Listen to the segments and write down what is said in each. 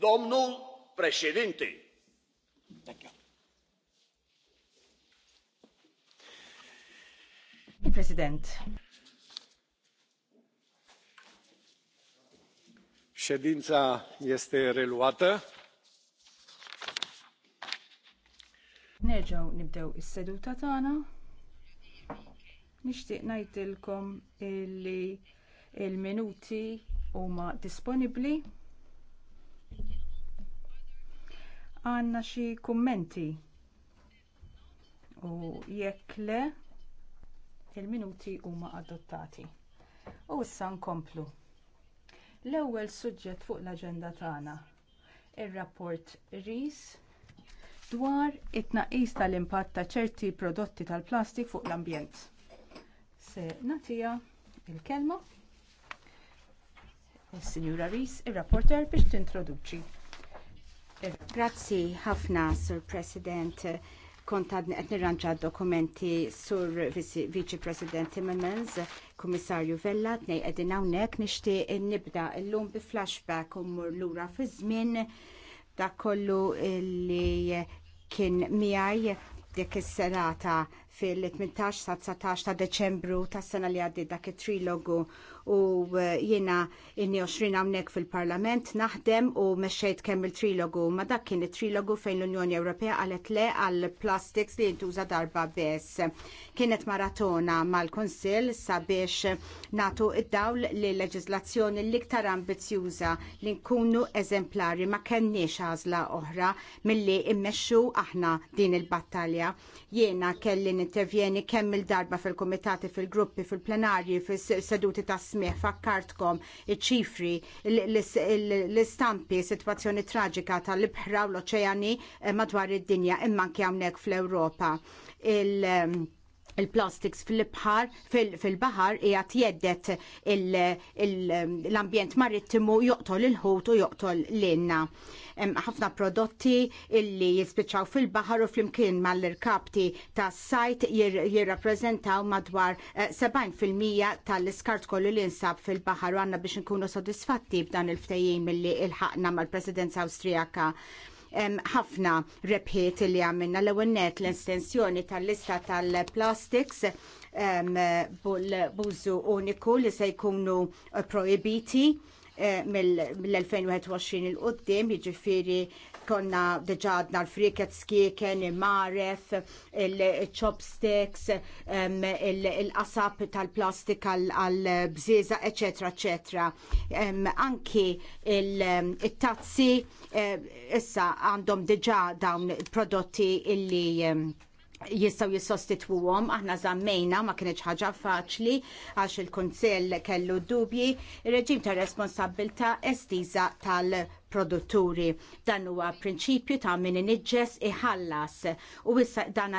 domnul președinte President. Ședința este reluată. Nerġaw nibdew is-seduta tagħna. Nixtieq ngħidilkom illi il-minuti huma disponibbli. Għanna xi kummenti. U jekk le, il-minuti huma adottati. U issa nkomplu. L-ewwel suġġett fuq l-aġenda tagħna. Ir-rapport RIS dwar it-tnaqqis tal-impatt ta' ċerti prodotti tal-plastik fuq l-ambjent. Se nagħtiha l kelma Is-Sinjura Ris, ir-rapporter biex tintroduċi. Grazzi ħafna, Sur President. Kont għad nirranġa dokumenti sur Vice President Timmermans, Komissarju Vella, tnej għedin għawnek nishti nibda l-lum bi flashback u mur l-ura fi zmin da kollu li kien miħaj dik is-serata fil-18 sa 19 ta' Deċembru ta' sena li għaddi dak it-trilogu u e, jiena inni 20 hawnhekk fil-Parlament naħdem u mexxejt kemm il-trilogu ma dak kien it-trilogu fejn l-Unjoni Ewropea qalet le għal plastics li jintuża darba biss. Kienet maratona mal-Konsil sabiex natu id-dawl li leġiżlazzjoni l-iktar ambizjuża li nkunu eżemplari ma kenniex għażla oħra milli immexxu aħna din il-battalja. Jiena kelli intervjeni kemm il-darba fil-komitati, fil-gruppi, fil-plenarji, fil-seduti ta' smieħ, fakkartkom, iċ-ċifri, l-istampi, situazzjoni traġika tal-ibħra u l-oċeani eh, madwar id-dinja imman kjamnek fl-Europa. il- ehm, il-plastics fil-bħar, fil-bahar hija tjeddet l-ambjent marittimu joqtol il-ħut u joqtol l-inna. Ħafna prodotti illi jispiċċaw fil-bahar u flimkien mal-irkapti ta' sajt jirrappreżentaw madwar 70% eh, tal-iskart kollu li nsab fil-bahar u għanna biex nkunu sodisfatti b'dan il-ftejjim illi il-ħakna mal-presidenza Awstrijaka ħafna repħiet li għamilna l-ewwel net l-estensjoni tal-lista tal-plastics bużu uniku li se jkunu eh, projibiti Eh, mill-2021 il-qoddim, jiġifieri konna deġadna l-friket skiken, il-maref, il-chopsticks, il-qasab tal-plastik għal-bżiza, eccetera, eccetera. Anki il-tazzi eh, issa għandhom deġa dawn prodotti illi jistaw għom, aħna zammejna, ma kienieċ ħaġa faċli għax il-Kunsill kellu dubji ir-reġim ta' responsabilta estiża tal- produtturi. Dan huwa prinċipju ta' min niġġes iħallas u issa dan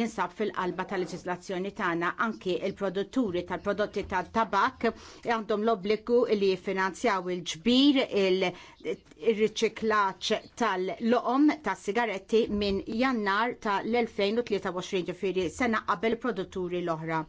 jinsab fil-qalba tal-leġislazzjoni tagħna anki il-produtturi tal-prodotti tal-tabak għandhom l-obbligu li jiffinanzjaw il-ġbir il-riċiklaċ tal-loqom tas-sigaretti minn jannar tal-2023 ġifieri sena qabel produtturi l-oħra.